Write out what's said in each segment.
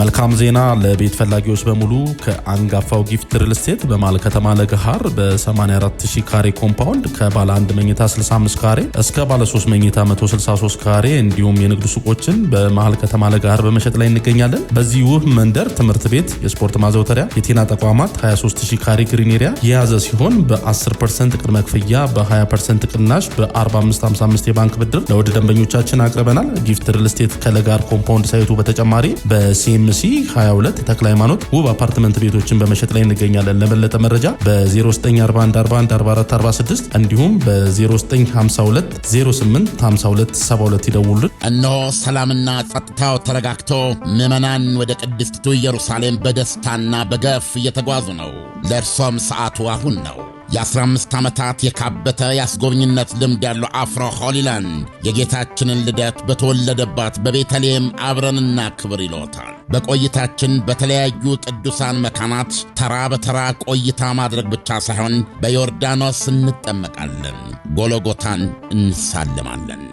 መልካም ዜና ለቤት ፈላጊዎች በሙሉ ከአንጋፋው ጊፍት ሪል ስቴት በመሃል ከተማ ለገሃር በ84000 ካሬ ኮምፓውንድ ከባለ 1 መኝታ 65 ካሬ እስከ ባለ 3 መኝታ 163 ካሬ እንዲሁም የንግድ ሱቆችን በማል ከተማ ለገሃር በመሸጥ ላይ እንገኛለን። በዚህ ውብ መንደር ትምህርት ቤት፣ የስፖርት ማዘውተሪያ፣ የጤና ተቋማት 23000 ካሬ ግሪን ኤሪያ የያዘ ሲሆን በ10% ቅድመ ክፍያ በ20% ቅናሽ በ4555 የባንክ ብድር ለውድ ደንበኞቻችን አቅርበናል። ጊፍት ሪል ስቴት ከለጋር ኮምፓውንድ ሳይቱ በተጨማሪ በሴም ኤምሲ 22 ተክለ ሃይማኖት ውብ አፓርትመንት ቤቶችን በመሸጥ ላይ እንገኛለን። ለበለጠ መረጃ በ0941414446 እንዲሁም በ0952085272 ይደውሉን። እነሆ ሰላምና ጸጥታው ተረጋግቶ ምዕመናን ወደ ቅድስቲቱ ኢየሩሳሌም በደስታና በገፍ እየተጓዙ ነው። ለእርሶም ሰዓቱ አሁን ነው። የ15 ዓመታት የካበተ የአስጎብኝነት ልምድ ያለው አፍሮ ሆሊላንድ የጌታችንን ልደት በተወለደባት በቤተልሔም አብረንና ክብር ይሎታል። በቆይታችን በተለያዩ ቅዱሳን መካናት ተራ በተራ ቆይታ ማድረግ ብቻ ሳይሆን በዮርዳኖስ እንጠመቃለን፣ ጎሎጎታን እንሳለማለን፣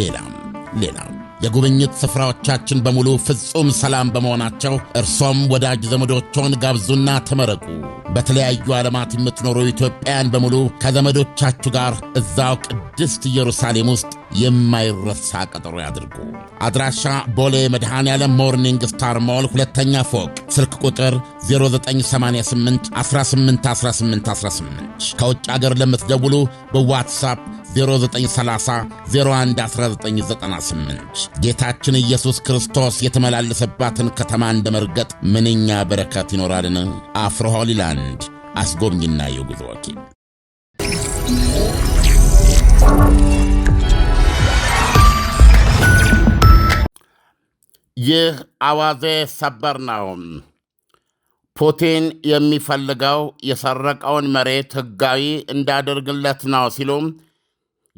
ሌላም ሌላም የጉብኝት ስፍራዎቻችን በሙሉ ፍጹም ሰላም በመሆናቸው እርሶም ወዳጅ ዘመዶችዎን ጋብዙና ተመረቁ። በተለያዩ ዓለማት የምትኖሩ ኢትዮጵያውያን በሙሉ ከዘመዶቻችሁ ጋር እዛው ቅድስት ኢየሩሳሌም ውስጥ የማይረሳ ቀጠሮ ያድርጉ። አድራሻ ቦሌ መድኃኔ ዓለም ሞርኒንግ ስታር ሞል ሁለተኛ ፎቅ፣ ስልክ ቁጥር 18። ከውጭ አገር ለምትደውሉ በዋትሳፕ 0930 ጌታችን ኢየሱስ ክርስቶስ የተመላለሰባትን ከተማ እንደ መርገጥ ምንኛ በረከት ይኖራልን! አፍሮ ሆሊላንድ አስጎብኝና የጉዞ ወኪል ይህ አዋዜ ሰበር ነው። ፑቲን የሚፈልገው የሰረቀውን መሬት ሕጋዊ እንዳደርግለት ነው ሲሉ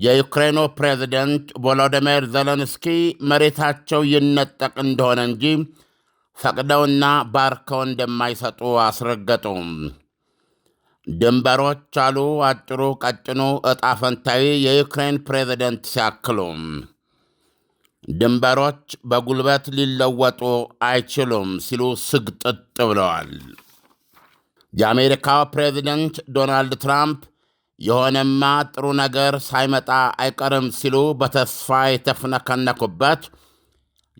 የዩክሬኑ ፕሬዚደንት ቮሎዲሚር ዘለንስኪ መሬታቸው ይነጠቅ እንደሆነ እንጂ ፈቅደውና ባርከው እንደማይሰጡ አስረገጡ። ድንበሮች አሉ አጭሩ ቀጭኑ ዕጣ ፈንታዊ የዩክሬን ፕሬዚደንት ሲያክሉ፣ ድንበሮች በጉልበት ሊለወጡ አይችሉም ሲሉ ስግጥጥ ብለዋል። የአሜሪካው ፕሬዚደንት ዶናልድ ትራምፕ የሆነማ ጥሩ ነገር ሳይመጣ አይቀርም ሲሉ በተስፋ የተፍነከነኩበት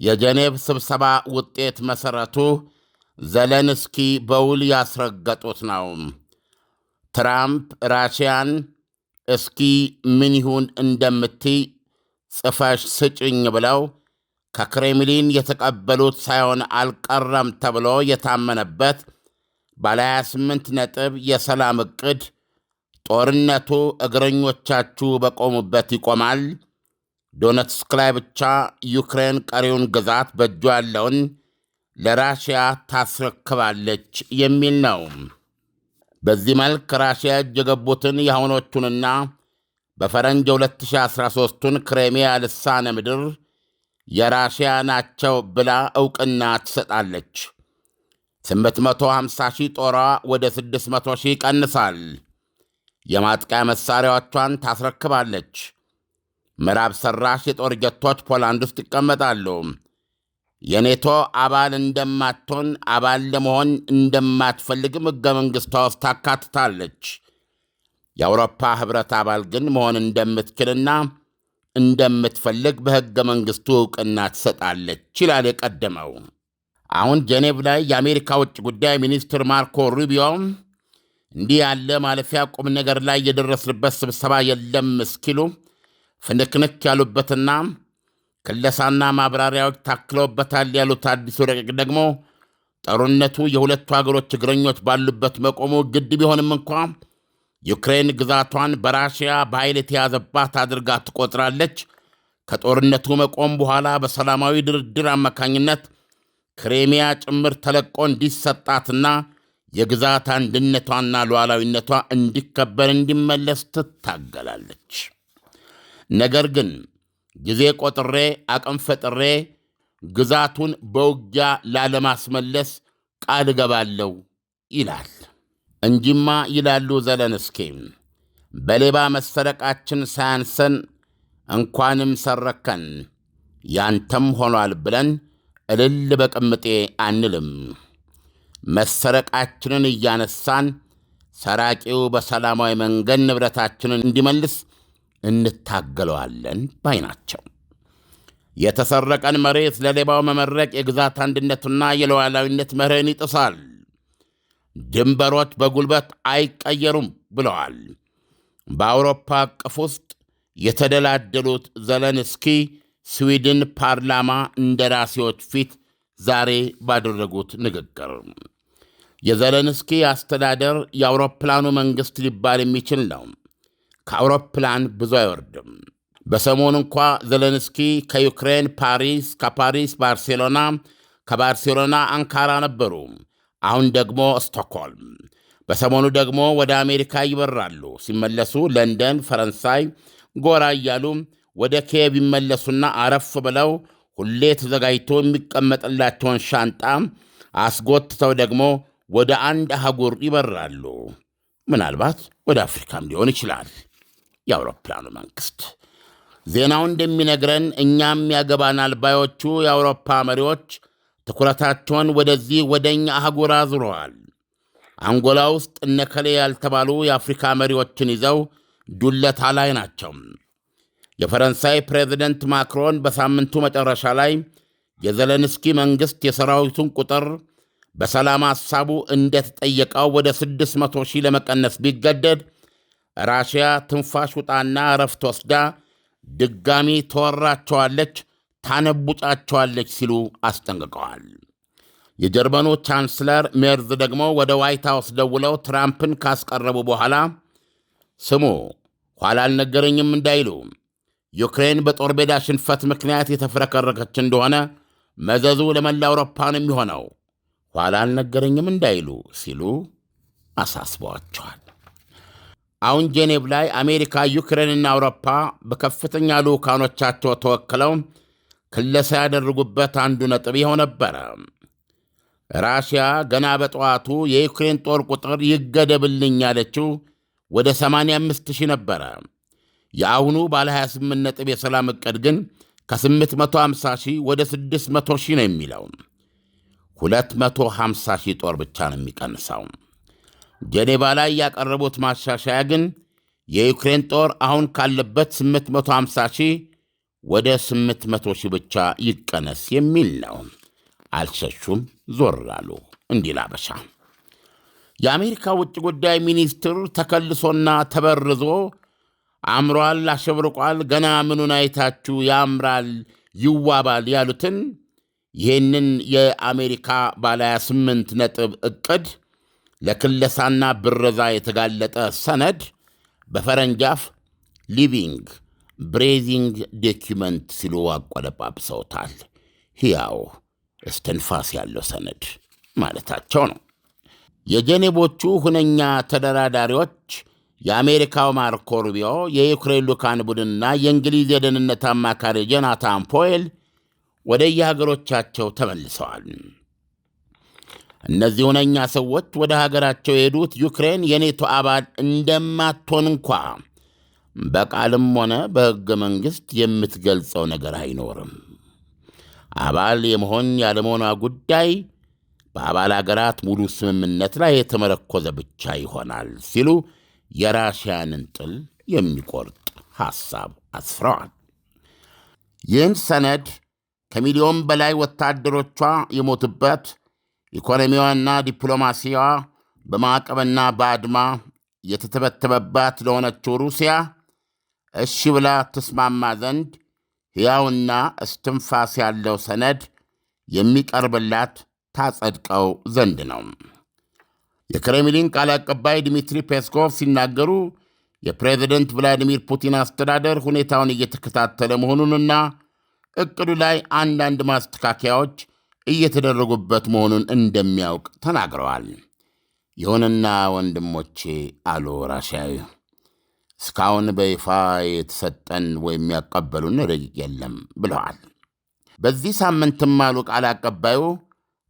የጀኔቭ ስብሰባ ውጤት መሠረቱ ዘለንስኪ በውል ያስረገጡት ነው። ትራምፕ ራሽያን እስኪ ምን ይሁን እንደምትይ ጽፈሽ ስጭኝ ብለው ከክሬምሊን የተቀበሉት ሳይሆን አልቀረም ተብሎ የታመነበት ባለ 28 ነጥብ የሰላም ዕቅድ ጦርነቱ እግረኞቻችሁ በቆሙበት ይቆማል። ዶነትስክ ላይ ብቻ ዩክሬን ቀሪውን ግዛት በእጁ ያለውን ለራሽያ ታስረክባለች የሚል ነው። በዚህ መልክ ራሽያ እጅ የገቡትን የአሁኖቹንና በፈረንጅ 2013ቱን ክሬሚያ ልሳነ ምድር የራሽያ ናቸው ብላ ዕውቅና ትሰጣለች። 850 ሺህ ጦሯ ወደ 600 ሺህ ይቀንሳል። የማጥቃያ መሣሪያዎቿን ታስረክባለች። ምዕራብ ሠራሽ የጦር ጀቶች ፖላንድ ውስጥ ይቀመጣሉ። የኔቶ አባል እንደማትሆን አባል ለመሆን እንደማትፈልግም ሕገ መንግሥቷ ውስጥ ታካትታለች። የአውሮፓ ኅብረት አባል ግን መሆን እንደምትችልና እንደምትፈልግ በሕገ መንግሥቱ ዕውቅና ትሰጣለች ይላል የቀደመው። አሁን ጄኔቭ ላይ የአሜሪካ ውጭ ጉዳይ ሚኒስትር ማርኮ ሩቢዮ እንዲህ ያለ ማለፊያ ቁም ነገር ላይ የደረስንበት ስብሰባ የለም እስኪሉ ፍንክንክ ያሉበትና ክለሳና ማብራሪያዎች ታክለውበታል ያሉት አዲሱ ረቂቅ ደግሞ ጦርነቱ የሁለቱ አገሮች እግረኞች ባሉበት መቆሙ ግድ ቢሆንም እንኳ ዩክሬን ግዛቷን በራሽያ በኃይል የተያዘባት አድርጋ ትቆጥራለች። ከጦርነቱ መቆም በኋላ በሰላማዊ ድርድር አማካኝነት ክሬሚያ ጭምር ተለቆ እንዲሰጣትና የግዛት አንድነቷና ሉዓላዊነቷ እንዲከበር እንዲመለስ ትታገላለች። ነገር ግን ጊዜ ቆጥሬ አቅም ፈጥሬ ግዛቱን በውጊያ ላለማስመለስ ቃል እገባለሁ ይላል እንጂማ ይላሉ ዘለንስኪ፣ በሌባ መሰረቃችን ሳያንሰን እንኳንም ሰረከን ያንተም ሆኗል ብለን እልል በቅምጤ አንልም። መሰረቃችንን እያነሳን ሰራቂው በሰላማዊ መንገድ ንብረታችንን እንዲመልስ እንታገለዋለን ባይ ናቸው። የተሰረቀን መሬት ለሌባው መመረቅ የግዛት አንድነትና የሉዓላዊነት መርህን ይጥሳል። ድንበሮች በጉልበት አይቀየሩም ብለዋል። በአውሮፓ አቀፍ ውስጥ የተደላደሉት ዘለንስኪ ስዊድን ፓርላማ እንደራሴዎች ፊት ዛሬ ባደረጉት ንግግር የዘለንስኪ አስተዳደር የአውሮፕላኑ መንግሥት ሊባል የሚችል ነው። ከአውሮፕላን ብዙ አይወርድም። በሰሞኑ እንኳ ዘለንስኪ ከዩክሬን ፓሪስ፣ ከፓሪስ ባርሴሎና፣ ከባርሴሎና አንካራ ነበሩ። አሁን ደግሞ ስቶክሆልም፣ በሰሞኑ ደግሞ ወደ አሜሪካ ይበራሉ። ሲመለሱ ለንደን፣ ፈረንሳይ ጎራ እያሉ ወደ ኪየቭ ይመለሱና አረፍ ብለው ሁሌ ተዘጋጅቶ የሚቀመጥላቸውን ሻንጣ አስጎትተው ደግሞ ወደ አንድ አህጉር ይበራሉ። ምናልባት ወደ አፍሪካም ሊሆን ይችላል። የአውሮፕላኑ መንግሥት ዜናው እንደሚነግረን እኛም ያገባናል ባዮቹ የአውሮፓ መሪዎች ትኩረታቸውን ወደዚህ ወደ እኛ አህጉር አዙረዋል። አንጎላ ውስጥ እነከሌ ያልተባሉ የአፍሪካ መሪዎችን ይዘው ዱለታ ላይ ናቸው። የፈረንሳይ ፕሬዝደንት ማክሮን በሳምንቱ መጨረሻ ላይ የዘለንስኪ መንግሥት የሰራዊቱን ቁጥር በሰላም ሐሳቡ እንደተጠየቀው ወደ 600 ሺህ ለመቀነስ ቢገደድ ራሽያ ትንፋሽ ውጣና እረፍት ወስዳ ድጋሚ ተወራቸዋለች፣ ታነቡጫቸዋለች ሲሉ አስጠንቅቀዋል። የጀርመኑ ቻንስለር ሜርዝ ደግሞ ወደ ዋይት ሐውስ ደውለው ትራምፕን ካስቀረቡ በኋላ ስሙ ኋላ አልነገረኝም እንዳይሉ ዩክሬን በጦር ሜዳ ሽንፈት ምክንያት የተፍረከረከች እንደሆነ መዘዙ ለመላ አውሮፓ ነው የሚሆነው፣ ኋላ አልነገረኝም እንዳይሉ ሲሉ አሳስበዋቸዋል። አሁን ጄኔቭ ላይ አሜሪካ፣ ዩክሬንና አውሮፓ በከፍተኛ ልዑካኖቻቸው ተወክለው ክለሳ ያደረጉበት አንዱ ነጥብ ይኸው ነበረ። ራሽያ ገና በጠዋቱ የዩክሬን ጦር ቁጥር ይገደብልኝ ያለችው ወደ 85 ሺህ ነበረ። የአሁኑ ባለ 28 ነጥብ የሰላም ዕቅድ ግን ከ850 ሺህ ወደ 600 ሺህ ነው የሚለው። 250 ሺህ ጦር ብቻ ነው የሚቀንሰው። ጄኔቫ ላይ ያቀረቡት ማሻሻያ ግን የዩክሬን ጦር አሁን ካለበት 850 ሺህ ወደ 800 ሺህ ብቻ ይቀነስ የሚል ነው። አልሸሹም፣ ዞር አሉ። እንዲህ ላበሻ የአሜሪካ ውጭ ጉዳይ ሚኒስትር ተከልሶና ተበርዞ አምሯል፣ አሸብርቋል፣ ገና ምኑን አይታችሁ ያምራል፣ ይዋባል ያሉትን ይህንን የአሜሪካ ባለ 28 ነጥብ እቅድ ለክለሳና ብረዛ የተጋለጠ ሰነድ በፈረንጃፍ ሊቪንግ ብሬዚንግ ዶኪመንት ሲሉ አቆለጳብሰውታል። ሕያው እስትንፋስ ያለው ሰነድ ማለታቸው ነው። የጀኔቦቹ ሁነኛ ተደራዳሪዎች የአሜሪካው ማርኮ ሩቢዮ፣ የዩክሬን ልዑካን ቡድንና የእንግሊዝ የደህንነት አማካሪ ጆናታን ፖዌል ወደ የሀገሮቻቸው ተመልሰዋል። እነዚህ ሁነኛ ሰዎች ወደ ሀገራቸው የሄዱት ዩክሬን የኔቶ አባል እንደማትሆን እንኳ በቃልም ሆነ በሕገ መንግሥት የምትገልጸው ነገር አይኖርም። አባል የመሆን ያለመሆኗ ጉዳይ በአባል አገራት ሙሉ ስምምነት ላይ የተመረኮዘ ብቻ ይሆናል ሲሉ የራሽያንን ጥል የሚቆርጥ ሐሳብ አስፍረዋል። ይህን ሰነድ ከሚሊዮን በላይ ወታደሮቿ የሞቱበት ኢኮኖሚዋና ዲፕሎማሲዋ በማዕቀብና በአድማ የተተበተበባት ለሆነችው ሩሲያ እሺ ብላ ትስማማ ዘንድ ሕያውና እስትንፋስ ያለው ሰነድ የሚቀርብላት ታጸድቀው ዘንድ ነው። የክሬምሊን ቃል አቀባይ ድሚትሪ ፔስኮቭ ሲናገሩ የፕሬዝደንት ቭላዲሚር ፑቲን አስተዳደር ሁኔታውን እየተከታተለ መሆኑንና እቅዱ ላይ አንዳንድ ማስተካከያዎች እየተደረጉበት መሆኑን እንደሚያውቅ ተናግረዋል። ይሁንና ወንድሞቼ፣ አሉ ራሽያዊ፣ እስካሁን በይፋ የተሰጠን ወይም ያቀበሉን ረቂቅ የለም ብለዋል። በዚህ ሳምንትም አሉ ቃል አቀባዩ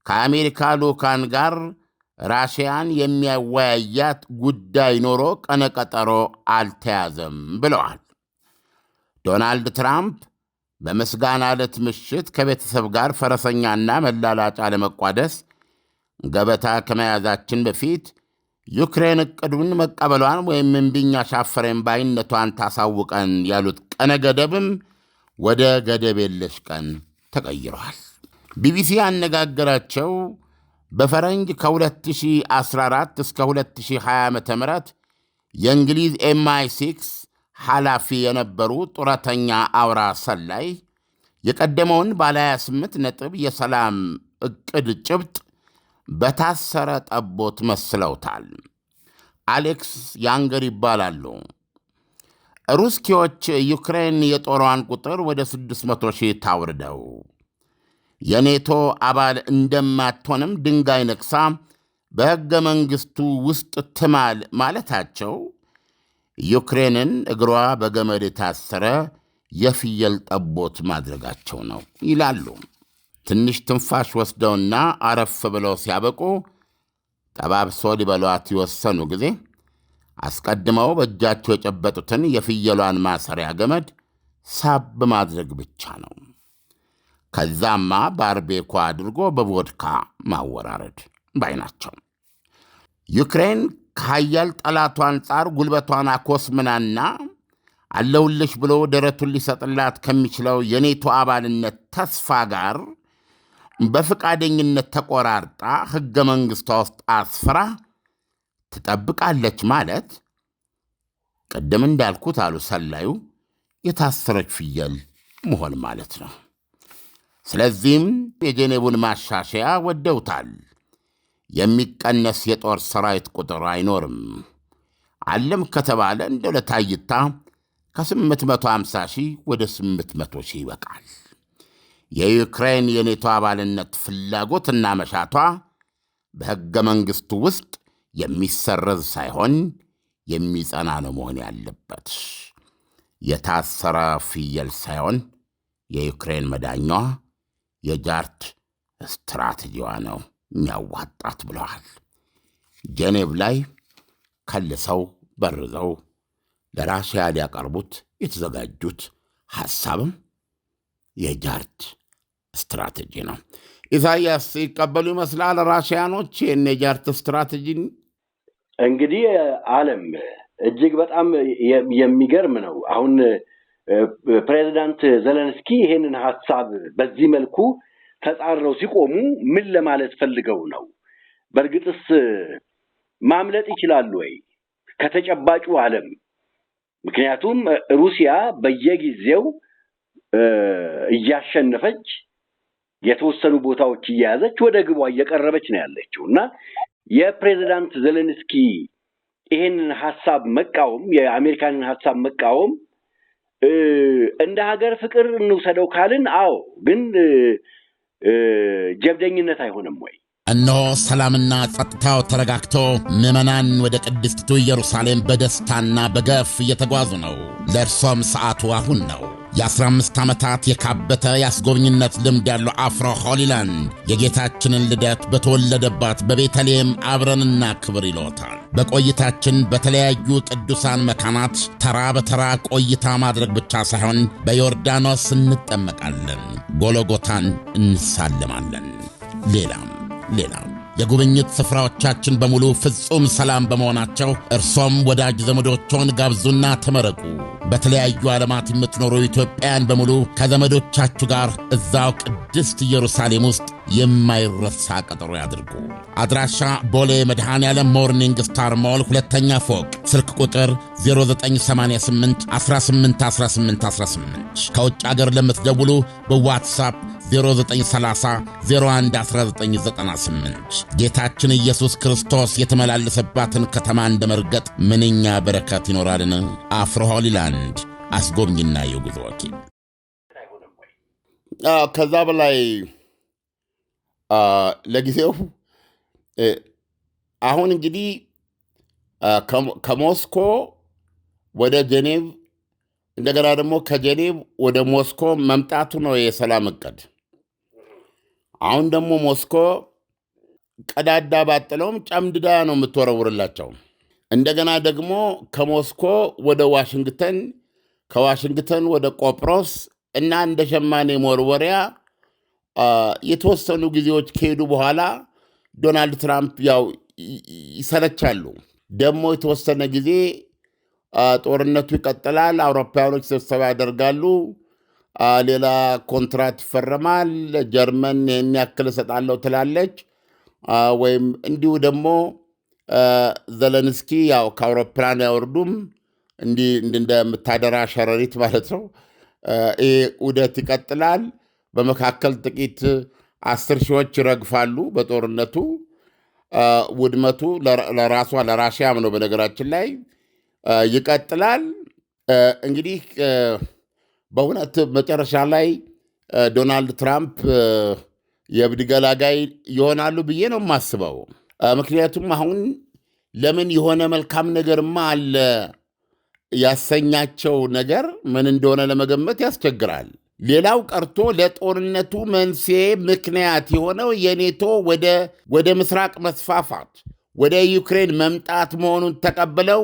ከአሜሪካ ልኡካን ጋር ራሽያን የሚያወያያት ጉዳይ ኖሮ ቀነቀጠሮ አልተያዘም ብለዋል። ዶናልድ ትራምፕ በምስጋና ዕለት ምሽት ከቤተሰብ ጋር ፈረሰኛና መላላጫ ለመቋደስ ገበታ ከመያዛችን በፊት ዩክሬን እቅዱን መቀበሏን ወይም እምቢኛ ሻፈረን ባይነቷን ታሳውቀን ያሉት ቀነ ገደብም ወደ ገደብ የለሽ ቀን ተቀይረዋል። ቢቢሲ ያነጋገራቸው በፈረንጅ ከ2014 እስከ 2020 ዓ ም የእንግሊዝ ኤምአይ ሲክስ ኃላፊ የነበሩ ጡረተኛ አውራ ሰላይ የቀደመውን ባለ 28 ነጥብ የሰላም ዕቅድ ጭብጥ በታሰረ ጠቦት መስለውታል። አሌክስ ያንገር ይባላሉ። ሩስኪዎች ዩክሬን የጦሯን ቁጥር ወደ 600 ሺህ ታውርደው የኔቶ አባል እንደማትሆንም ድንጋይ ነቅሳ በሕገ መንግሥቱ ውስጥ ትማል ማለታቸው ዩክሬንን እግሯ በገመድ የታሰረ የፍየል ጠቦት ማድረጋቸው ነው ይላሉ። ትንሽ ትንፋሽ ወስደውና አረፍ ብለው ሲያበቁ ጠባብሶ ሊበሏት የወሰኑ ጊዜ አስቀድመው በእጃቸው የጨበጡትን የፍየሏን ማሰሪያ ገመድ ሳብ ማድረግ ብቻ ነው። ከዛማ ባርቤኳ አድርጎ በቮድካ ማወራረድ ባይ ናቸው። ዩክሬን ከሀያል ጠላቱ አንጻር ጉልበቷን አኮስምናና አለሁልሽ ብሎ ደረቱን ሊሰጥላት ከሚችለው የኔቶ አባልነት ተስፋ ጋር በፈቃደኝነት ተቆራርጣ ሕገ መንግሥቷ ውስጥ አስፍራ ትጠብቃለች ማለት ቅድም እንዳልኩት አሉ ሰላዩ የታሰረች ፍየል መሆን ማለት ነው። ስለዚህም የጄኔቡን ማሻሻያ ወደውታል። የሚቀነስ የጦር ሰራዊት ቁጥር አይኖርም። አለም ከተባለ እንደ ለታይታ ከ850 ሺህ ወደ 800 ሺህ ይበቃል። የዩክሬን የኔቶ አባልነት ፍላጎትና መሻቷ በሕገ መንግሥቱ ውስጥ የሚሰረዝ ሳይሆን የሚጸና ነው መሆን ያለበት። የታሰረ ፍየል ሳይሆን የዩክሬን መዳኛዋ የጃርት ስትራቴጂዋ ነው የሚያዋጣት ብለዋል። ጄኔቭ ላይ ከልሰው በርዘው ለራሽያ ሊያቀርቡት የተዘጋጁት ሐሳብም የጃርት ስትራቴጂ ነው። ኢሳያስ ይቀበሉ ይመስላል ራሽያኖች ይህን የጃርት ስትራቴጂ። እንግዲህ ዓለም እጅግ በጣም የሚገርም ነው አሁን ፕሬዚዳንት ዘለንስኪ ይሄንን ሀሳብ በዚህ መልኩ ተጻረው ሲቆሙ ምን ለማለት ፈልገው ነው? በእርግጥስ ማምለጥ ይችላሉ ወይ ከተጨባጩ ዓለም? ምክንያቱም ሩሲያ በየጊዜው እያሸነፈች የተወሰኑ ቦታዎች እየያዘች ወደ ግቧ እየቀረበች ነው ያለችው እና የፕሬዚዳንት ዘለንስኪ ይሄንን ሀሳብ መቃወም የአሜሪካንን ሀሳብ መቃወም እንደ ሀገር ፍቅር እንውሰደው ካልን፣ አዎ ግን ጀብደኝነት አይሆንም ወይ? እነሆ ሰላምና ጸጥታው ተረጋግቶ ምዕመናን ወደ ቅድስቲቱ ኢየሩሳሌም በደስታና በገፍ እየተጓዙ ነው። ለእርሶም ሰዓቱ አሁን ነው። የ15 ዓመታት የካበተ የአስጎብኝነት ልምድ ያለው አፍሮ ሆሊላንድ የጌታችንን ልደት በተወለደባት በቤተልሔም አብረንና ክብር ይለውታል። በቆይታችን በተለያዩ ቅዱሳን መካናት ተራ በተራ ቆይታ ማድረግ ብቻ ሳይሆን በዮርዳኖስ እንጠመቃለን፣ ጎሎጎታን እንሳልማለን፣ ሌላም ሌላም የጉብኝት ስፍራዎቻችን በሙሉ ፍጹም ሰላም በመሆናቸው እርሶም ወዳጅ ዘመዶችዎን ጋብዙና ተመረቁ። በተለያዩ ዓለማት የምትኖሩ ኢትዮጵያን በሙሉ ከዘመዶቻችሁ ጋር እዛው ቅድስት ኢየሩሳሌም ውስጥ የማይረሳ ቀጠሮ ያድርጉ። አድራሻ ቦሌ መድኃኔ ዓለም ሞርኒንግ ስታር ሞል ሁለተኛ ፎቅ፣ ስልክ ቁጥር 0988181818 ከውጭ አገር ለምትደውሉ በዋትሳፕ 0930 ጌታችን ኢየሱስ ክርስቶስ የተመላለሰባትን ከተማ እንደ መርገጥ ምንኛ በረከት ይኖራልን! አፍሮ ሆሊላንድ አስጎብኝና የጉዞ ወኪል። ከዛ በላይ ለጊዜው አሁን እንግዲህ ከሞስኮ ወደ ጄኔቭ እንደገና ደግሞ ከጄኔቭ ወደ ሞስኮ መምጣቱ ነው የሰላም እቅድ። አሁን ደግሞ ሞስኮ ቀዳዳ ባጥለውም ጨምድዳ ነው የምትወረውርላቸው። እንደገና ደግሞ ከሞስኮ ወደ ዋሽንግተን፣ ከዋሽንግተን ወደ ቆጵሮስ እና እንደ ሸማኔ መወርወሪያ የተወሰኑ ጊዜዎች ከሄዱ በኋላ ዶናልድ ትራምፕ ያው ይሰለቻሉ። ደግሞ የተወሰነ ጊዜ ጦርነቱ ይቀጥላል። አውሮፓውያኖች ስብሰባ ያደርጋሉ። ሌላ ኮንትራት ይፈረማል። ጀርመን ያክል እሰጣለሁ ትላለች። ወይም እንዲሁ ደግሞ ዘለንስኪ ያው ከአውሮፕላን አያወርዱም እንዲህ እንደምታደራ ሸረሪት ማለት ነው። ይህ ውደት ይቀጥላል። በመካከል ጥቂት አስር ሺዎች ይረግፋሉ በጦርነቱ። ውድመቱ ለራሷ ለራሽያም ነው በነገራችን ላይ ይቀጥላል እንግዲህ በእውነት መጨረሻ ላይ ዶናልድ ትራምፕ የእብድ ገላጋይ ይሆናሉ ብዬ ነው የማስበው። ምክንያቱም አሁን ለምን የሆነ መልካም ነገርማ አለ ያሰኛቸው ነገር ምን እንደሆነ ለመገመት ያስቸግራል። ሌላው ቀርቶ ለጦርነቱ መንስኤ ምክንያት የሆነው የኔቶ ወደ ምስራቅ መስፋፋት ወደ ዩክሬን መምጣት መሆኑን ተቀብለው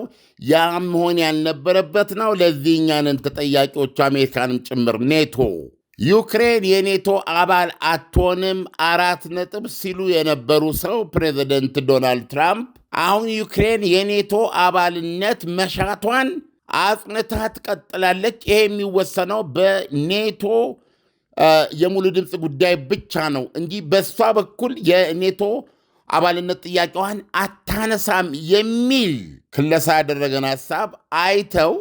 ያም መሆን ያልነበረበት ነው። ለዚህ እኛንን ተጠያቂዎቹ አሜሪካንም ጭምር። ኔቶ ዩክሬን የኔቶ አባል አትሆንም አራት ነጥብ ሲሉ የነበሩ ሰው ፕሬዚደንት ዶናልድ ትራምፕ አሁን ዩክሬን የኔቶ አባልነት መሻቷን አጽንታ ትቀጥላለች። ይሄ የሚወሰነው በኔቶ የሙሉ ድምፅ ጉዳይ ብቻ ነው እንጂ በእሷ በኩል የኔቶ አባልነት ጥያቄዋን አታነሳም የሚል ክለሳ ያደረገን ሀሳብ አይተው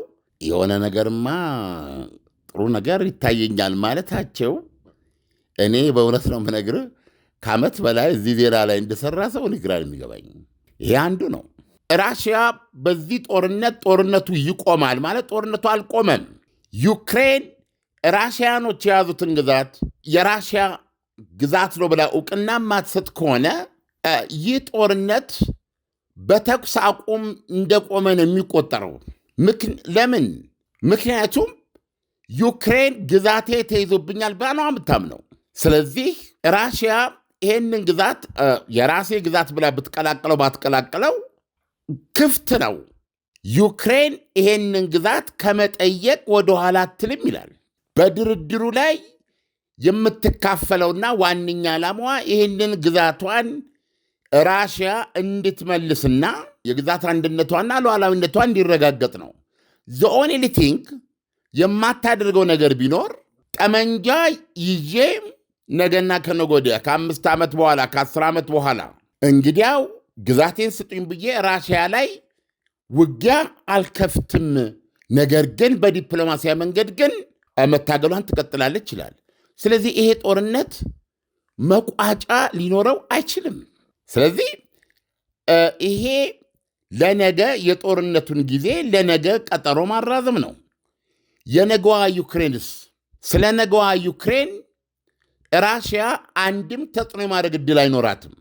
የሆነ ነገርማ ጥሩ ነገር ይታየኛል ማለታቸው እኔ በእውነት ነው ምነግር ከዓመት በላይ እዚህ ዜና ላይ እንደሰራ ሰው ግራ የሚገባኝ ይሄ አንዱ ነው። ራሽያ በዚህ ጦርነት ጦርነቱ ይቆማል ማለት ጦርነቱ አልቆመም። ዩክሬን ራሽያኖች የያዙትን ግዛት የራሽያ ግዛት ነው ብላ እውቅና ማትሰጥ ከሆነ ይህ ጦርነት በተኩስ አቁም እንደቆመ ነው የሚቆጠረው። ለምን? ምክንያቱም ዩክሬን ግዛቴ ተይዞብኛል ብላ ነው የምታምነው። ስለዚህ ራሽያ ይህንን ግዛት የራሴ ግዛት ብላ ብትቀላቀለው ባትቀላቀለው ክፍት ነው። ዩክሬን ይሄንን ግዛት ከመጠየቅ ወደኋላ አትልም ይላል። በድርድሩ ላይ የምትካፈለውና ዋነኛ ዓላማዋ ይህንን ግዛቷን ራሽያ እንድትመልስና የግዛት አንድነቷና ሉዓላዊነቷ እንዲረጋገጥ ነው። ዘ ኦንሊ ቲንግ የማታደርገው ነገር ቢኖር ጠመንጃ ይዤ ነገና ከነጎዲያ ከአምስት ዓመት በኋላ ከአስር ዓመት በኋላ እንግዲያው ግዛቴን ስጡኝ ብዬ ራሽያ ላይ ውጊያ አልከፍትም፣ ነገር ግን በዲፕሎማሲያ መንገድ ግን መታገሏን ትቀጥላለች ይላል። ስለዚህ ይሄ ጦርነት መቋጫ ሊኖረው አይችልም። ስለዚህ ይሄ ለነገ የጦርነቱን ጊዜ ለነገ ቀጠሮ ማራዘም ነው። የነገዋ ዩክሬንስ? ስለ ነገዋ ዩክሬን ራሽያ አንድም ተጽዕኖ የማድረግ እድል አይኖራትም።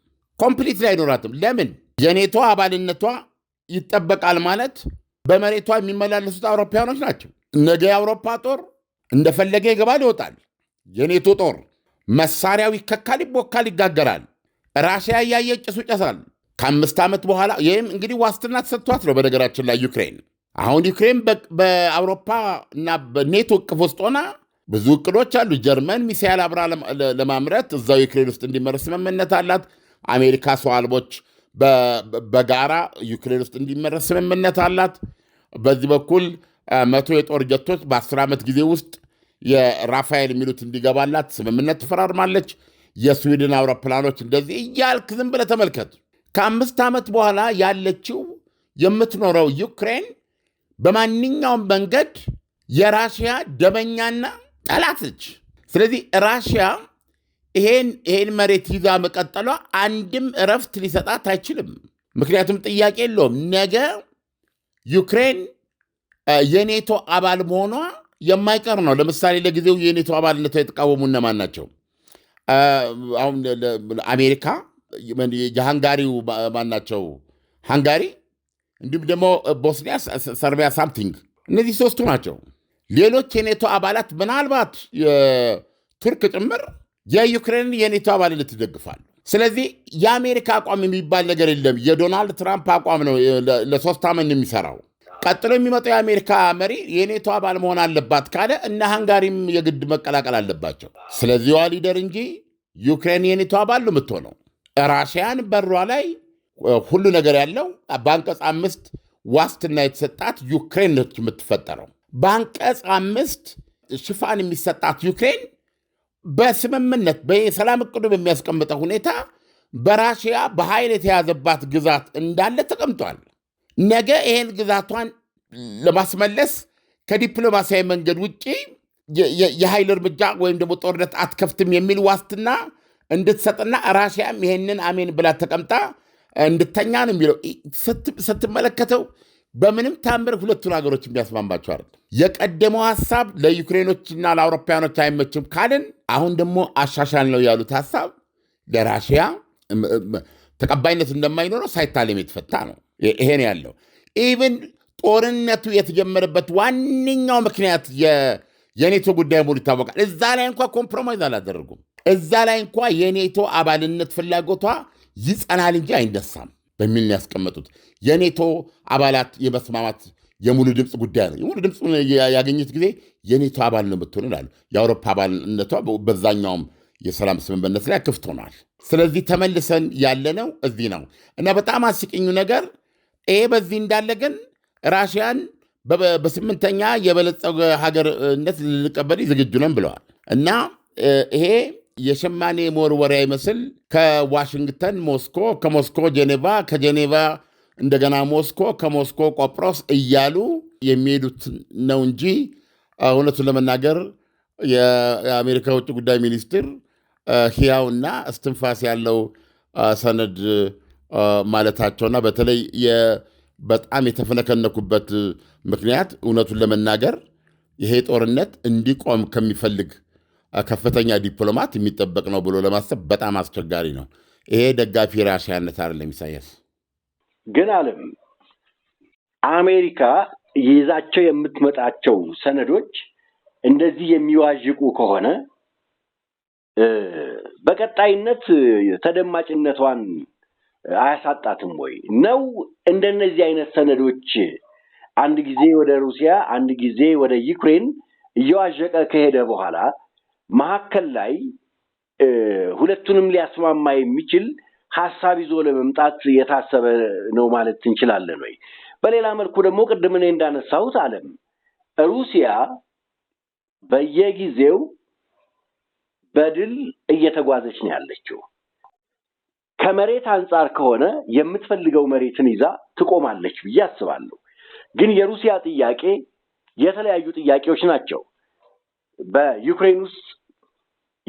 ኮምፕሊት አይኖራትም። ለምን? የኔቶ አባልነቷ ይጠበቃል ማለት በመሬቷ የሚመላለሱት አውሮፓውያኖች ናቸው። ነገ የአውሮፓ ጦር እንደፈለገ ይገባል ይወጣል። የኔቶ ጦር መሳሪያው ይከካል፣ ይቦካል፣ ይጋገራል። ራሽያ እያየ ጭሱ ጨሳል። ከአምስት ዓመት በኋላ ይህም እንግዲህ ዋስትና ተሰጥቷት ነው። በነገራችን ላይ ዩክሬን አሁን ዩክሬን በአውሮፓ እና በኔቶ እቅፍ ውስጥ ሆና ብዙ እቅዶች አሉ። ጀርመን ሚሳይል አብራ ለማምረት እዛው ዩክሬን ውስጥ እንዲመረት ስምምነት አላት። አሜሪካ ሰው አልቦች በጋራ ዩክሬን ውስጥ እንዲመረት ስምምነት አላት። በዚህ በኩል መቶ የጦር ጀቶች በአስር ዓመት ጊዜ ውስጥ የራፋኤል የሚሉት እንዲገባላት ስምምነት ትፈራርማለች። የስዊድን አውሮፕላኖች እንደዚህ እያልክ ዝም ብለህ ተመልከት። ከአምስት ዓመት በኋላ ያለችው የምትኖረው ዩክሬን በማንኛውም መንገድ የራሽያ ደመኛና ጠላት ነች። ስለዚህ ራሽያ ይሄን ይሄን መሬት ይዛ መቀጠሏ አንድም እረፍት ሊሰጣት አይችልም። ምክንያቱም ጥያቄ የለውም ነገ ዩክሬን የኔቶ አባል መሆኗ የማይቀር ነው። ለምሳሌ ለጊዜው የኔቶ አባልነት የተቃወሙ እነማን ናቸው? አሁን አሜሪካ የሃንጋሪው ማናቸው ሃንጋሪ እንዲሁም ደግሞ ቦስኒያ ሰርቢያ ሳምቲንግ እነዚህ ሶስቱ ናቸው። ሌሎች የኔቶ አባላት ምናልባት የቱርክ ጭምር የዩክሬንን የኔቶ አባልነት ይደግፋሉ። ስለዚህ የአሜሪካ አቋም የሚባል ነገር የለም። የዶናልድ ትራምፕ አቋም ነው ለሶስት ዓመት የሚሰራው። ቀጥሎ የሚመጣው የአሜሪካ መሪ የኔቶ አባል መሆን አለባት ካለ እና ሃንጋሪም የግድ መቀላቀል አለባቸው። ስለዚህዋ ሊደር እንጂ ዩክሬን የኔቶ አባል ነው የምትሆነው። ራሽያን በሯ ላይ ሁሉ ነገር ያለው በአንቀጽ አምስት ዋስትና የተሰጣት ዩክሬን ነች የምትፈጠረው። በአንቀጽ አምስት ሽፋን የሚሰጣት ዩክሬን በስምምነት በሰላም እቅዱ በሚያስቀምጠው ሁኔታ በራሽያ በኃይል የተያዘባት ግዛት እንዳለ ተቀምጧል። ነገ ይሄን ግዛቷን ለማስመለስ ከዲፕሎማሲያዊ መንገድ ውጭ የኃይል እርምጃ ወይም ደግሞ ጦርነት አትከፍትም የሚል ዋስትና እንድትሰጥና ራሽያም ይሄንን አሜን ብላ ተቀምጣ እንድተኛ ነው የሚለው። ስትመለከተው በምንም ታምር ሁለቱን ሀገሮች የሚያስማማቸው አይደለም። የቀደመው ሀሳብ ለዩክሬኖችና ለአውሮፓያኖች አይመችም ካልን አሁን ደግሞ አሻሻል ነው ያሉት ሀሳብ ለራሽያ ተቀባይነት እንደማይኖረው ሳይታለም የተፈታ ነው። ይሄን ያለው ኢቨን ጦርነቱ የተጀመረበት ዋነኛው ምክንያት የኔቶ ጉዳይ ሙሉ ይታወቃል። እዛ ላይ እንኳ ኮምፕሮማይዝ አላደረጉም። እዛ ላይ እንኳ የኔቶ አባልነት ፍላጎቷ ይጸናል እንጂ አይነሳም በሚል ያስቀመጡት የኔቶ አባላት የመስማማት የሙሉ ድምፅ ጉዳይ ነው። የሙሉ ድምፅ ያገኘት ጊዜ የኔቶ አባል ነው የምትሆኑ ላሉ የአውሮፓ አባልነቷ በዛኛውም የሰላም ስምምነት ላይ ክፍት ሆኗል። ስለዚህ ተመልሰን ያለነው እዚህ ነው እና በጣም አስቂኙ ነገር ይሄ በዚህ እንዳለ ግን ራሽያን በስምንተኛ የበለጸገ ሀገርነት ልንቀበል ዝግጁ ነን ብለዋል እና ይሄ የሸማኔ መወርወሪያ ይመስል ከዋሽንግተን ሞስኮ፣ ከሞስኮ ጄኔቫ፣ ከጄኔቫ እንደገና ሞስኮ፣ ከሞስኮ ቆጵሮስ እያሉ የሚሄዱት ነው እንጂ እውነቱን ለመናገር የአሜሪካ ውጭ ጉዳይ ሚኒስትር ሂያውና እስትንፋስ ያለው ሰነድ ማለታቸውና በተለይ በጣም የተፈነከነኩበት ምክንያት እውነቱን ለመናገር ይሄ ጦርነት እንዲቆም ከሚፈልግ ከፍተኛ ዲፕሎማት የሚጠበቅ ነው ብሎ ለማሰብ በጣም አስቸጋሪ ነው። ይሄ ደጋፊ ራሽያነት አይደለም። ኢሳያስ ግን አለም አሜሪካ ይዛቸው የምትመጣቸው ሰነዶች እንደዚህ የሚዋዥቁ ከሆነ በቀጣይነት ተደማጭነቷን አያሳጣትም ወይ ነው? እንደነዚህ አይነት ሰነዶች አንድ ጊዜ ወደ ሩሲያ አንድ ጊዜ ወደ ዩክሬን እየዋዠቀ ከሄደ በኋላ መሀከል ላይ ሁለቱንም ሊያስማማ የሚችል ሀሳብ ይዞ ለመምጣት የታሰበ ነው ማለት እንችላለን ወይ? በሌላ መልኩ ደግሞ ቅድም እኔ እንዳነሳሁት አለም ሩሲያ በየጊዜው በድል እየተጓዘች ነው ያለችው። ከመሬት አንጻር ከሆነ የምትፈልገው መሬትን ይዛ ትቆማለች ብዬ አስባለሁ። ግን የሩሲያ ጥያቄ የተለያዩ ጥያቄዎች ናቸው። በዩክሬን ውስጥ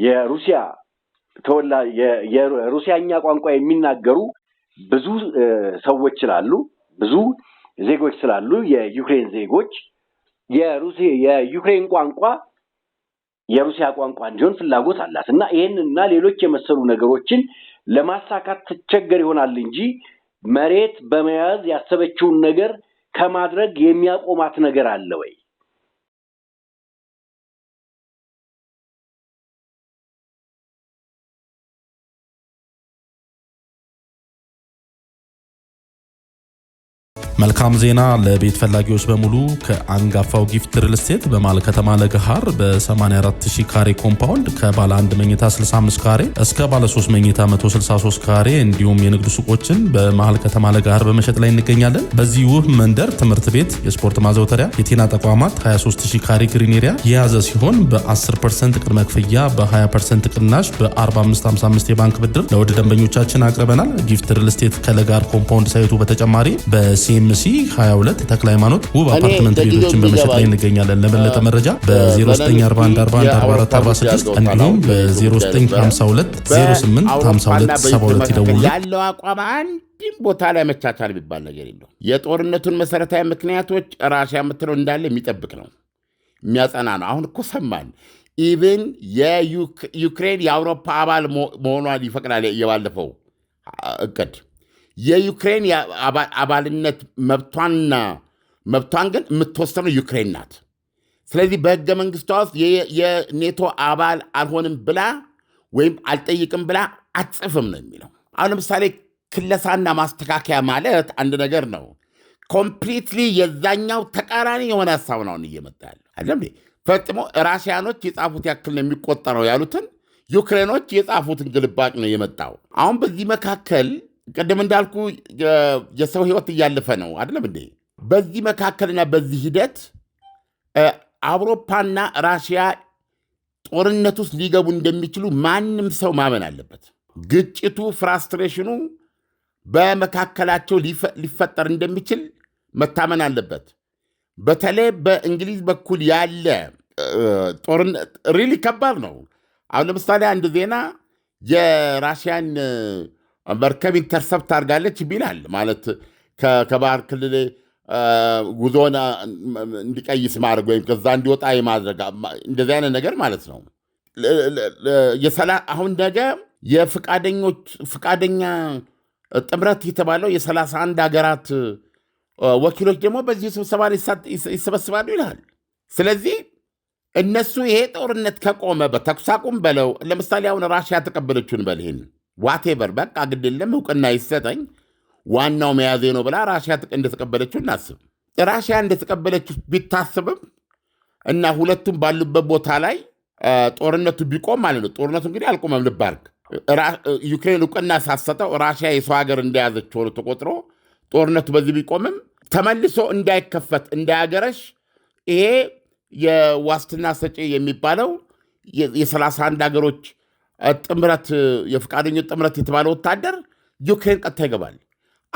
የሩሲያ ተወላ የሩሲያኛ ቋንቋ የሚናገሩ ብዙ ሰዎች ስላሉ ብዙ ዜጎች ስላሉ የዩክሬን ዜጎች የዩክሬን ቋንቋ የሩሲያ ቋንቋ እንዲሆን ፍላጎት አላት እና ይህን ሌሎች የመሰሉ ነገሮችን ለማሳካት ትቸገር ይሆናል እንጂ መሬት በመያዝ ያሰበችውን ነገር ከማድረግ የሚያቆማት ነገር አለ ወይ? መልካም ዜና ለቤት ፈላጊዎች በሙሉ ከአንጋፋው ጊፍት ሪል ስቴት በመሃል ከተማ ለገሃር በ84000 ካሬ ኮምፓውንድ ከባለ 1 መኝታ 65 ካሬ እስከ ባለ 3 መኝታ 163 ካሬ እንዲሁም የንግድ ሱቆችን በመሃል ከተማ ለገሃር በመሸጥ ላይ እንገኛለን። በዚህ ውህ መንደር ትምህርት ቤት፣ የስፖርት ማዘውተሪያ፣ የጤና ተቋማት 23000 ካሬ ግሪን ኤሪያ የያዘ ሲሆን በ10% ቅድመ ክፍያ በ20% ቅናሽ በ4555 የባንክ ብድር ለውድ ደንበኞቻችን አቅርበናል። ጊፍት ሪል ስቴት ከለጋር ኮምፓውንድ ሳይቱ በተጨማሪ በሲም ኤምሲ 22 ተክለ ሃይማኖት ውብ አፓርትመንት ቤቶችን በመሸጥ ላይ እንገኛለን። ለበለጠ መረጃ በ0941414446 እንዲሁም በ 0852 ይደውሉ። ያለው አቋም አንድም ቦታ ላይ መቻቻል የሚባል ነገር የለው። የጦርነቱን መሰረታዊ ምክንያቶች ራሽያ የምትለው እንዳለ የሚጠብቅ ነው፣ የሚያጸና ነው። አሁን እኮ ሰማን። ኢቨን የዩክሬን የአውሮፓ አባል መሆኗን ይፈቅዳል የባለፈው እቅድ የዩክሬን አባልነት መብቷና መብቷን ግን የምትወሰነው ዩክሬን ናት። ስለዚህ በህገ መንግስቷ ውስጥ የኔቶ አባል አልሆንም ብላ ወይም አልጠይቅም ብላ አትጽፍም ነው የሚለው። አሁን ለምሳሌ ክለሳና ማስተካከያ ማለት አንድ ነገር ነው። ኮምፕሊትሊ የዛኛው ተቃራኒ የሆነ ሀሳብ ነው አሁን እየመጣ ያለ አይደለም። ፈጽሞ ራሽያኖች የጻፉት ያክል ነው የሚቆጠረው ያሉትን ዩክሬኖች የጻፉትን ግልባጭ ነው የመጣው። አሁን በዚህ መካከል ቅድም እንዳልኩ የሰው ህይወት እያለፈ ነው አይደለም እንዴ? በዚህ መካከልና በዚህ ሂደት አውሮፓና ራሽያ ጦርነት ውስጥ ሊገቡ እንደሚችሉ ማንም ሰው ማመን አለበት። ግጭቱ፣ ፍራስትሬሽኑ በመካከላቸው ሊፈጠር እንደሚችል መታመን አለበት። በተለይ በእንግሊዝ በኩል ያለ ጦርነት ሪሊ ከባድ ነው። አሁን ለምሳሌ አንድ ዜና የራሽያን መርከብ ኢንተርሰፕት ታርጋለች ይላል ማለት ከባህር ክልል ጉዞን እንዲቀይስ ማድረግ ወይም ከዛ እንዲወጣ የማድረግ እንደዚህ አይነት ነገር ማለት ነው። አሁን ነገ የፍቃደኞች ፍቃደኛ ጥምረት የተባለው የ31 ሀገራት ወኪሎች ደግሞ በዚህ ስብሰባ ይሰበስባሉ ይላል። ስለዚህ እነሱ ይሄ ጦርነት ከቆመ በተኩስ አቁም በለው ለምሳሌ አሁን ራሽያ ተቀበለችውን በልህን ዋቴቨር በቃ ግድለም እውቅና ይሰጠኝ ዋናው መያዜ ነው ብላ ራሽያ እንደተቀበለችው እናስብ። ራሽያ እንደተቀበለችው ቢታስብም እና ሁለቱም ባሉበት ቦታ ላይ ጦርነቱ ቢቆም ማለት ነው። ጦርነቱ እንግዲህ አልቆመም። ልባርግ ዩክሬን እውቅና ሳሰጠው ራሽያ የሰው ሀገር እንደያዘች ሆኖ ተቆጥሮ ጦርነቱ በዚህ ቢቆምም ተመልሶ እንዳይከፈት እንዳያገረሽ ይሄ የዋስትና ሰጪ የሚባለው የ31 ሀገሮች ጥምረት የፈቃደኞች ጥምረት የተባለ ወታደር ዩክሬን ቀጥታ ይገባል።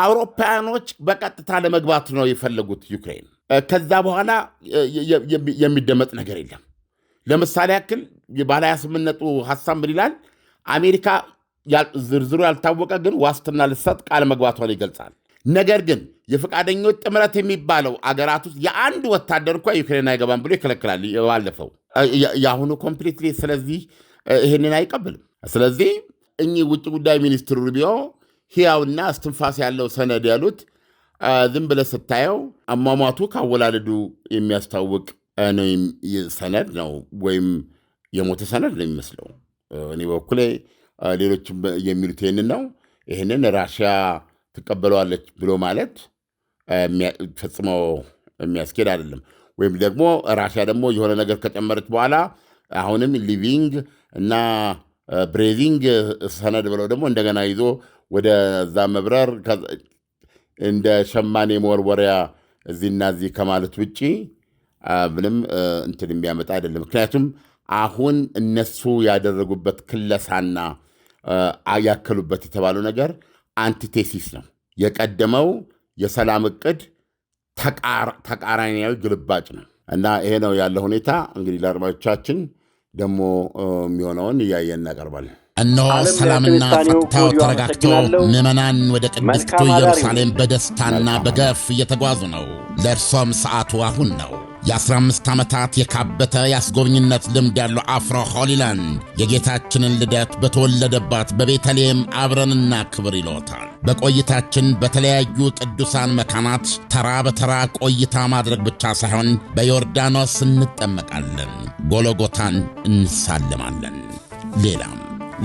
አውሮፓውያኖች በቀጥታ ለመግባት ነው የፈለጉት ዩክሬን። ከዛ በኋላ የሚደመጥ ነገር የለም። ለምሳሌ ያክል ባለ 28 ነጥቡ ሀሳብ ምን ይላል? አሜሪካ ዝርዝሩ ያልታወቀ ግን ዋስትና ልትሰጥ ቃል መግባቷን ይገልጻል። ነገር ግን የፈቃደኞች ጥምረት የሚባለው አገራት ውስጥ የአንድ ወታደር እንኳ ዩክሬን አይገባም ብሎ ይከለክላል። ባለፈው የአሁኑ ኮምፕሊትሊ ስለዚህ ይህንን አይቀበልም። ስለዚህ እኚህ ውጭ ጉዳይ ሚኒስትር ሩቢዮ ሕያውና እስትንፋስ ያለው ሰነድ ያሉት ዝም ብለህ ስታየው አሟሟቱ ካወላለዱ የሚያስታውቅ ሰነድ ነው ወይም የሞተ ሰነድ ነው የሚመስለው። እኔ በኩሌ ሌሎች የሚሉት ይህንን ነው። ይህንን ራሽያ ትቀበለዋለች ብሎ ማለት ፈጽሞ የሚያስኬድ አይደለም። ወይም ደግሞ ራሽያ ደግሞ የሆነ ነገር ከጨመረች በኋላ አሁንም ሊቪንግ እና ብሬዚንግ ሰነድ ብለው ደግሞ እንደገና ይዞ ወደዛ መብረር እንደ ሸማኔ መወርወሪያ እዚህና እዚህ ከማለት ውጭ ምንም እንትን የሚያመጣ አይደለም። ምክንያቱም አሁን እነሱ ያደረጉበት ክለሳና ያከሉበት የተባለው ነገር አንቲቴሲስ ነው። የቀደመው የሰላም እቅድ ተቃራኒያዊ ግልባጭ ነው እና ይሄ ነው ያለ ሁኔታ እንግዲህ ለአድማጮቻችን ደግሞ የሚሆነውን እያየን እናቀርባለን። እነሆ ሰላምና ጸጥታው ተረጋግቶ ምዕመናን ወደ ቅድስቱ ኢየሩሳሌም በደስታና በገፍ እየተጓዙ ነው። ለእርሶም ሰዓቱ አሁን ነው። የ15 ዓመታት የካበተ የአስጎብኝነት ልምድ ያለው አፍሮ ሆሊላንድ የጌታችንን ልደት በተወለደባት በቤተልሔም አብረንና ክብር ይሎታል። በቆይታችን በተለያዩ ቅዱሳን መካናት ተራ በተራ ቆይታ ማድረግ ብቻ ሳይሆን በዮርዳኖስ እንጠመቃለን፣ ጎሎጎታን እንሳልማለን፣ ሌላም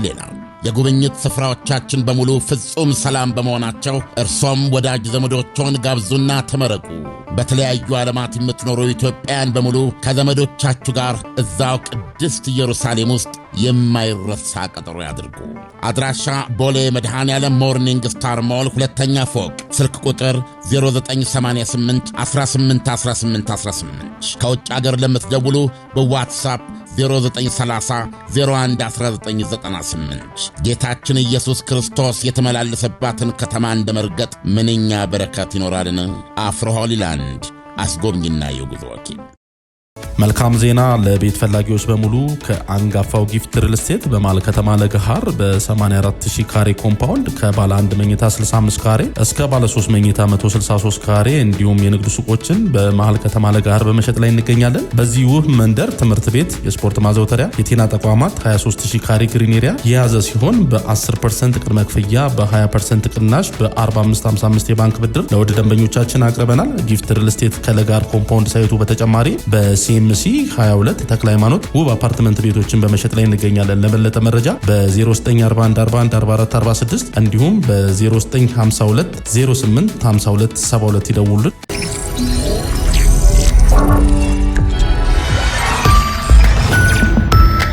ሌላም የጉብኝት ስፍራዎቻችን በሙሉ ፍጹም ሰላም በመሆናቸው እርሶም ወዳጅ ዘመዶችዎን ጋብዙና ተመረቁ። በተለያዩ ዓለማት የምትኖሩ ኢትዮጵያን በሙሉ ከዘመዶቻችሁ ጋር እዛው ቅድስት ኢየሩሳሌም ውስጥ የማይረሳ ቀጠሮ ያድርጉ። አድራሻ ቦሌ ያለ ሞርኒንግ ስታር ሞል ሁለተኛ ፎቅ፣ ስልክ ቁጥር 18። ከውጭ አገር ለምትደውሉ በዋትሳፕ 0930 ጌታችን ኢየሱስ ክርስቶስ የተመላለሰባትን ከተማ እንደ መርገጥ ምንኛ በረከት ይኖራልን! አፍሮ ሆሊላንድ አስጎብኝና የጉዞ ወኪል መልካም ዜና ለቤት ፈላጊዎች በሙሉ ከአንጋፋው ጊፍት ሪል ስቴት በመሃል ከተማ ለገሃር በ84000 ካሬ ኮምፓውንድ ከባለ 1 መኝታ 65 ካሬ እስከ ባለ 3 መኝታ 163 ካሬ እንዲሁም የንግድ ሱቆችን በማል ከተማ ለገሃር በመሸጥ ላይ እንገኛለን። በዚህ ውህ መንደር ትምህርት ቤት፣ የስፖርት ማዘውተሪያ፣ የጤና ተቋማት 23000 ካሬ ግሪን ኤሪያ የያዘ ሲሆን በ10% ቅድመ ክፍያ በ20% ቅናሽ በ4555 የባንክ ብድር ለውድ ደንበኞቻችን አቅርበናል። ጊፍት ሪል ስቴት ከለጋር ኮምፓውንድ ሳይቱ በተጨማሪ በሲም ኤምሲ 22 ተክለ ሃይማኖት ውብ አፓርትመንት ቤቶችን በመሸጥ ላይ እንገኛለን። ለበለጠ መረጃ በ0941414446 እንዲሁም በ0952085272 ይደውሉልን።